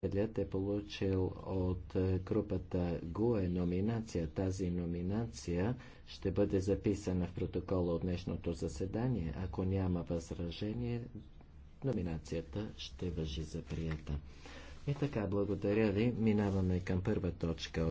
Председателят е получил от е, групата ГУЕ номинация. Тази номинация ще бъде записана в протокола от днешното заседание. Ако няма възражение, номинацията ще въжи за прията. И така, благодаря ви. Минаваме към първа точка.